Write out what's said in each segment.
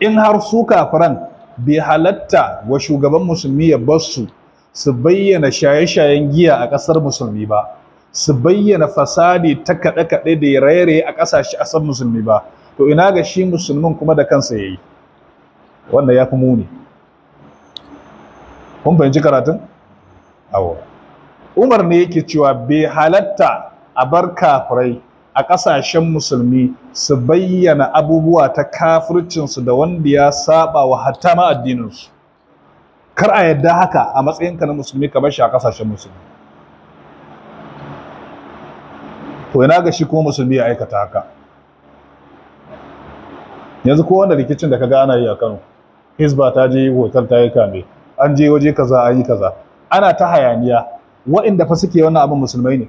in har su kafiran bai halatta wa shugaban musulmi ya bar su bayyana shaye-shayen giya a ƙasar musulmi ba su bayyana fasadi ta kaɗe-kaɗe da ya raye a ƙasashe ƙasar musulmi ba to ina ga shi musulmin kuma da kansa ya yi wannan ya fi muni kun fahimci karatun? awo umar ne yake cewa bai halatta a bar kafirai a ƙasashen musulmi su bayyana abubuwa ta kafircinsu da wanda ya saba wa hatta ma addininsu kar a yadda haka a matsayinka na musulmi kamar shi a ƙasashen musulmi to ina ga shi kuma musulmi ya aikata haka yanzu ko wanda rikicin da kaga ana yi a Kano Hizba ta je hotel ta yi kame an je waje kaza an yi kaza ana ta hayaniya wa'inda fa suke wannan abin musulmai ne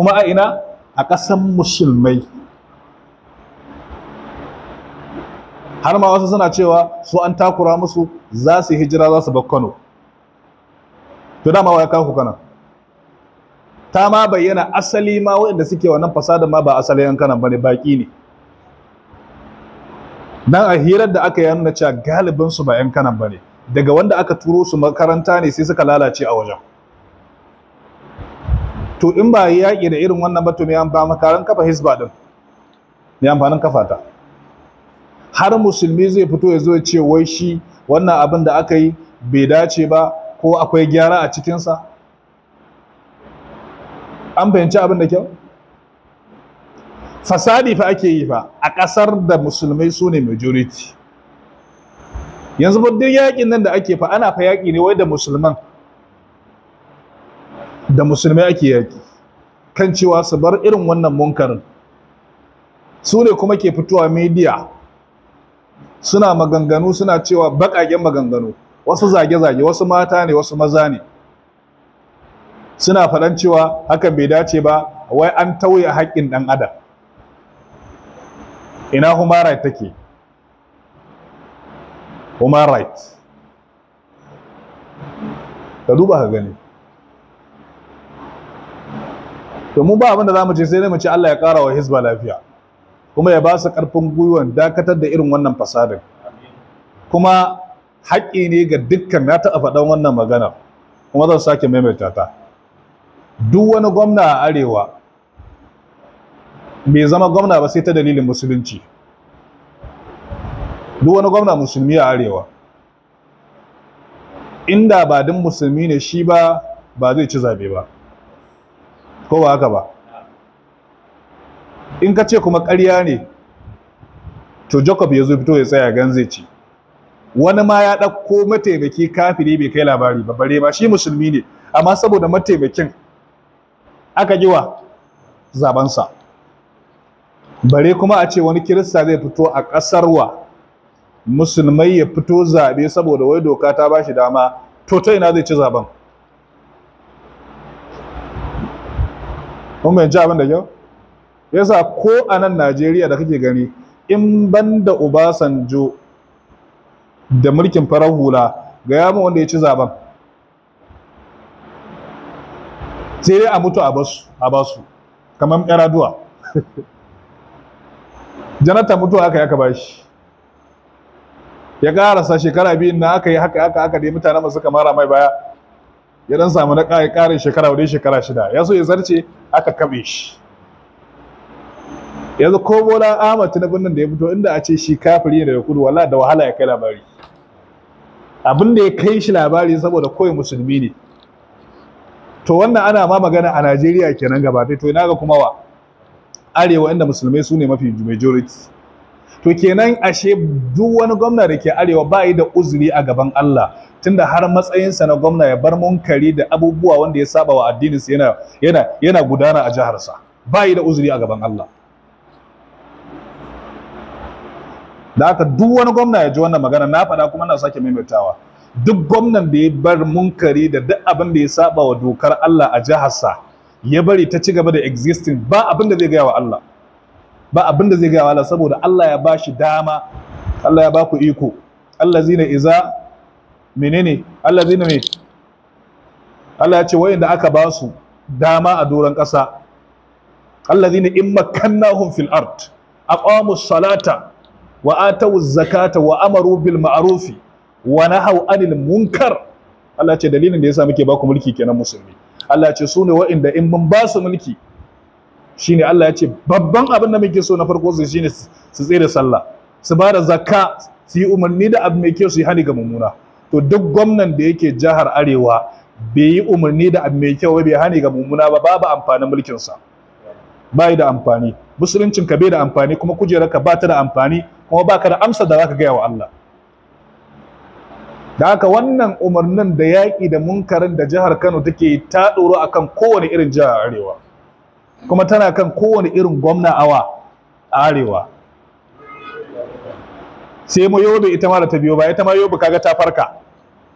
kuma a ina a ƙasan musulmai har ma wasu suna cewa su an takura musu za su hijira za su bakkano to dama wa ya kaku kana ta ma bayyana asali ma waɗanda suke wannan fasada ma ba asali yan ba bane baki ne dan a hirar da aka yi nuna cewa galibinsu ba yan ba bane daga wanda aka turo su makaranta ne sai suka lalace a wajen to in ba yi yaƙi da irin wannan ba to mai kafa hisba din mai amfanin kafa ta har musulmi zai fito ya zo ya ce wai shi wannan abin da aka yi bai dace ba ko akwai gyara a cikinsa an fahimci abin da kyau fasadi fa ake yi fa a ƙasar da musulmai su ne majority yanzu duk yaƙin nan da ake fa ana fa yaƙi ne wai da musulman da musulmai ake yaki kan cewa su bar irin wannan munkarin su ne kuma ke fitowa media suna maganganu suna cewa baƙaƙen maganganu wasu zage-zage wasu mata ne wasu maza ne suna faɗan cewa hakan bai dace ba wai an tauye haƙƙin ɗan adam ina human right take human right ka duba ka gani to mu ba abin da zamu ce sai mu ce Allah ya kara wa hizba lafiya kuma ya ba su gwiwa gwiwan dakatar da irin wannan fasadin kuma haƙƙi ne ga dukkan na taɓa faɗan wannan magana kuma zan sake maimaita ta duk wani gwamna a arewa mai zama gwamna ba sai ta dalilin musulunci duk wani gwamna musulmi a arewa inda ba din musulmi ne shi ba ba zai ci zabe ba ko ba haka ba in ka ce kuma ƙarya ne to jacob ya zo fito ya tsaya gan zai ci wani ma ya ɗauko mataimaki kafiri bai kai labari ba bare ba shi musulmi ne amma saboda mataimakin aka yi wa zabansa bare kuma a ce wani kirista zai fito a ƙasar wa musulmai ya fito zaɓe saboda wai doka ta ba shi dama to ta ina zai ci zaben kun bayanci abin da kyau yasa ko a nan najeriya da kake gani in ban da obasanjo da mulkin farar hula ga yamin wanda ya ci zaben sai dai a mutu a basu kamar duwa janata mutu aka yi aka bashi ya karasa shekara biyu na aka yi haka aka aka dai mutane masu kamara mai baya ya dan samu na karin shekara wadai shekara shida ya so ya zarce aka kaɓe shi yanzu ko bola ahmad na birnin da ya fito inda a ce shi kafiri ne daga kudu wala da wahala ya kai labari abin da ya kai shi labari saboda kawai musulmi ne to wannan ana ma magana a najeriya kenan gaba to ina ga kuma wa arewa inda musulmai su ne mafi majority to kenan ashe duk wani gwamna da ke arewa ba yi da uzuri a gaban Allah tunda har matsayinsa na gwamna ya bar munkari da abubuwa wanda ya saba wa addininsa yana yana yana gudana a jiharsa ba yi da uzuri a gaban Allah da haka duk wani gwamna ya ji wannan magana na faɗa kuma na sake maimaitawa duk gwamnan da ya bar munkari da duk abin da ya saba wa dokar Allah a jiharsa ya bari ta ci gaba da existing ba abin da zai gaya wa Allah ba abin da zai gaya wala saboda Allah ya ba shi dama Allah ya ba ku iko Allah zina iza menene Allah zina me Allah ya ce wayanda aka ba su dama a doron ƙasa Allah zina in makannahum fil ard aqamu salata wa atawu zakata wa amaru bil ma'rufi wa nahaw anil munkar Allah ce dalilin da yasa muke ba ku mulki kenan musulmi Allah ce su ne wa'inda in mun ba su mulki shine Allah ya ce babban abin da muke so na farko su shine su tsere sallah su ba da zakka su yi umarni da abu mai kyau su yi hani ga mummuna to duk gwamnan da yake jihar arewa bai yi umarni da abu mai kyau bai hani ga mummuna ba babu amfanin mulkinsa bai da amfani musuluncin ka bai da amfani kuma kujerarka ba ta da amfani kuma baka da amsa da zaka gaya wa Allah da haka wannan umarnin da yaƙi da munkarin da jihar Kano take ta ɗoro akan kowane irin jihar arewa kuma tana kan kowane irin gwamna awa a arewa sai mu yobe ita ma da ta biyo ba ita ma yobe kaga ta farka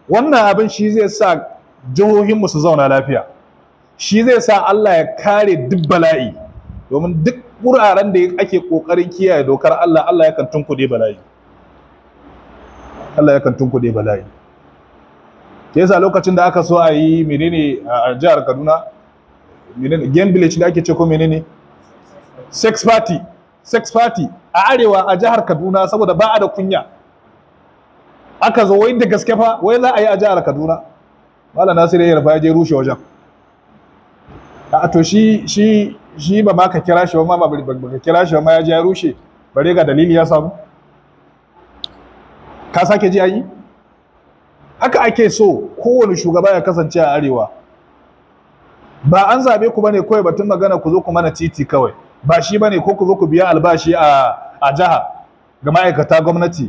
wannan abin shi zai sa jihohinmu su zauna lafiya shi zai sa Allah ya kare duk bala'i domin duk wuraren da ake kokarin kiyaye dokar Allah Allah yakan tunkude bala'i Allah yakan tunkude bala'i yasa lokacin da aka so a yi menene a jihar Kaduna menene game village da ake ce ko menene sex party sex party a arewa a jihar kaduna saboda ba a da kunya aka zo wai da gaske fa wai za a yi a jihar kaduna mala nasir ya rufa ya je rushe wajen a to shi shi shi ba ma ka kira shi ba ma ba ka kira shi ba ma ya je ya rushe bare ga dalili ya samu ka sake ji yi? haka ake so kowane shugaba ya kasance a arewa ba an zabe ku bane kawai batun magana ku zo ku mana titi kawai ba shi bane ko ku zo ku biya albashi a a jaha ga ma'aikata gwamnati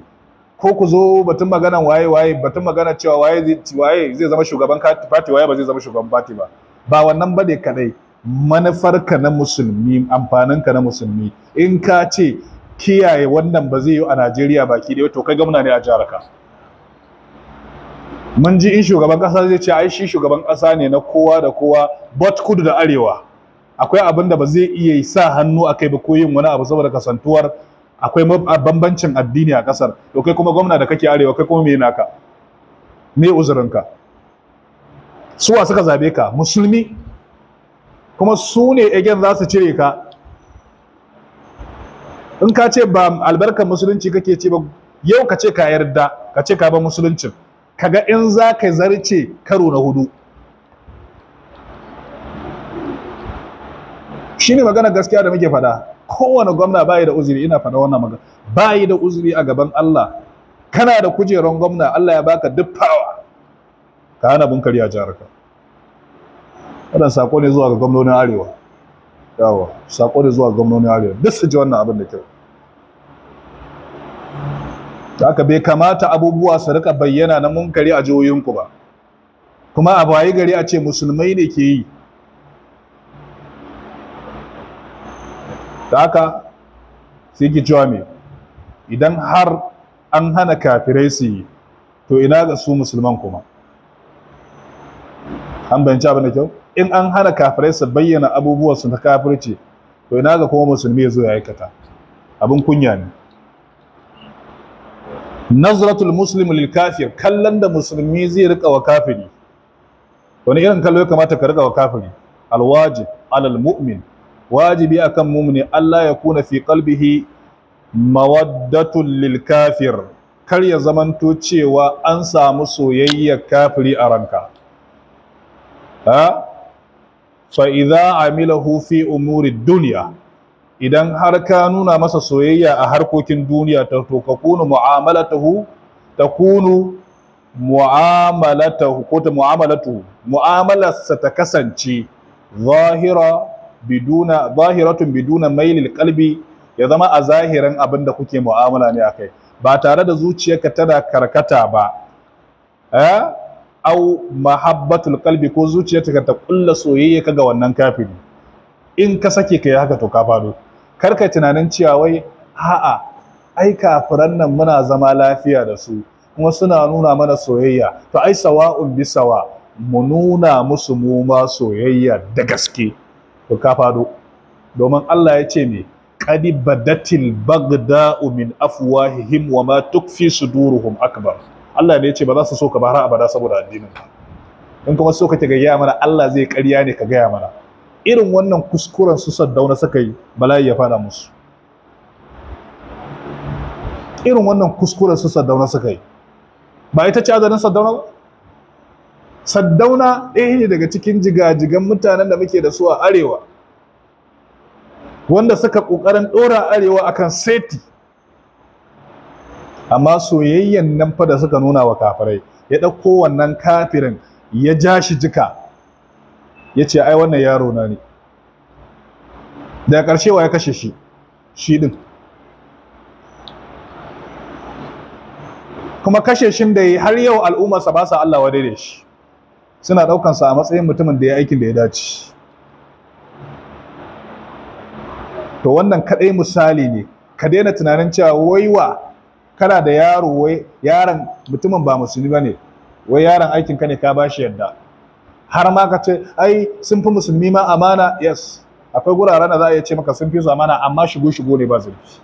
ko ku zo batun magana waye waye batun magana cewa waye waye zai zama shugaban party waye ba zai zama shugaban party ba ba wannan bane kadai manufarka na musulmi amfaninka na musulmi in ka ce kiyaye wannan ba zai yi a Najeriya baki ɗaya to kai gwamna ne a jihar ka mun ji in shugaban kasa zai ce ai shi shugaban kasa ne na kowa da kowa but kudu da arewa akwai abin da ba zai iya sa hannu a kai ba ko yin wani abu saboda kasantuwar akwai bambancin addini a kasar to kai kuma gwamna da kake arewa kai kuma me naka me Su suwa suka zabe ka musulmi kuma su ne again za su cire ka in ka ce ba albarkar musulunci kake ce ba yau ka ce ka yarda ka ce ka ba musuluncin kaga in za ka zarce karo na hudu ne magana gaskiya da muke fada kowane gwamna bayi da uzuri ina fada wannan magana bayi da uzuri a gaban Allah kana da kujerar gwamna Allah ya baka duk fawa ka hana bunkari a jihar ka wannan sako ne zuwa ga gwamnonin arewa yawa sako ne zuwa ga gwamnonin arewa duk su ji wannan abin da kyau to aka bai kamata abubuwa su rika bayyana na munkari a jihohinku ba kuma a bayi gari a ce musulmai ne ke yi ta haka sai ki cewa me idan har an hana kafirai su yi to ina ga su musulman kuma an bayanci abin da kyau in an hana kafirai su bayyana abubuwa su na kafirci to ina ga kuma musulmi ya zo ya aikata abin kunya ne nazratul muslim lil kafir kallon da musulmi zai rika wa kafiri wani irin kallo ya kamata ka rika wa kafiri alwajib alal mu'min wajibi akan mu'mini Allah ya kuna fi qalbihi mawaddatul lil kafir kar ya zamanto cewa an samu soyayyar kafiri a ranka ha fa idza amilahu fi umuri dunya idan har ka nuna masa soyayya a harkokin duniya ta to ka kunu mu'amalatahu ta kunu mu'amalatahu ko ta mu'amalatu mu'amalarsa ta kasance zahira biduna zahiratun biduna mailil qalbi ya zama a zahirin abinda kuke mu'amala ne akai ba tare da zuciyarka tana karkata ba eh au mahabbatul qalbi ko zuciyarka ta kulla soyayya kaga wannan kafiri in ka sake kai haka to ka fado karka tunanin cewa wai a'a ai kafiran nan muna zama lafiya da su kuma suna nuna mana soyayya to ai sawa'un bi sawa mu nuna musu mu ma soyayya da gaske to ka fado domin Allah ya ce me qadi badatil baghda'u min afwahihim wa ma tukfi suduruhum akbar Allah ne ya ce ba za su so ka bara abada saboda addinin ka in kuma so ka ta gaya mana Allah zai ƙarya ne ka gaya mana irin wannan kuskuren su saddauna suka yi bala'i ya fada musu irin wannan kuskuren su saddauna suka yi ba ita ce azanin saddauna ba saddauna ɗaya ne daga cikin jigajigan mutanen da muke da su a arewa wanda suka ƙoƙarin ɗora arewa akan seti amma soyayyen nan fa da suka nuna wa kafirai ya ɗauko wannan kafirin ya ja shi jika ya ce ai wannan yaro na ne daga ƙarshe wa ya kashe shi shi ɗin kuma kashe shi da yi har yau al'ummarsa ba sa Allah wadai da shi suna ɗaukansa a matsayin mutumin da ya aikin da ya dace to wannan kaɗai misali ne ka daina tunanin cewa wai wa kana da yaro wai yaron mutumin ba musulmi ba ne wai yaron aikin ka ne ka ba shi yadda har ma ka ce ai sun fi musulmi ma amana yes akwai guraren da za a iya ce maka sun fi su amana amma shigo shigo ne ba zurfi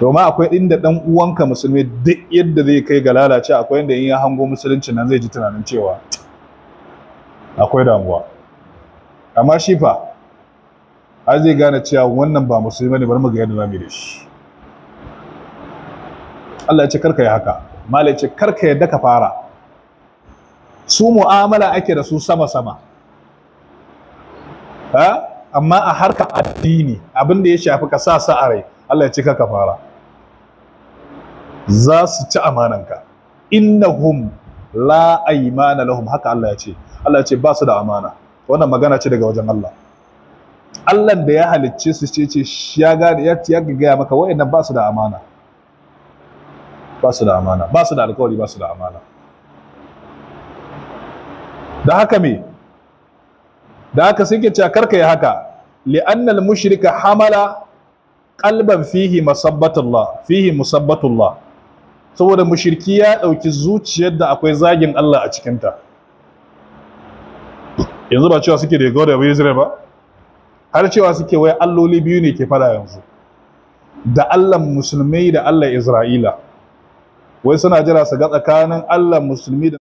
domin akwai inda dan uwanka musulmi duk yadda zai kai ga lalace akwai inda in ya hango musulunci nan zai ji tunanin cewa akwai damuwa amma shi fa ai zai gane cewa wannan ba musulmi ne bar mu ga yadda zamu yi da shi Allah ya ce karka yi haka malai ce karka yadda ka fara su mu'amala ake da su sama-sama amma a harka addini abin da ya shafi ka sa sa rai Allah ya cika kafara za su ci amananka innahum la aymana lahum haka Allah ya ce Allah ya ce ba su da amana wannan magana ce daga wajen Allah Allah da ya halicce su ce ce ya gane ya ya gaya maka wa'annan ba su da amana ba su da amana ba su da alƙawari ba su da amana da haka me da haka sai ke cakar yi haka li'annal mushrika hamala qalban fihi masabbatullah fihi musabbatullah saboda mushirki ya dauki zuciyar da akwai zagin Allah a cikinta. yanzu ba cewa suke da God of Israel ba har cewa suke wai alloli biyu ne ke fada yanzu da Allah musulmi da Allah Isra'ila wai suna jira su ga tsakanin Allah musulmi da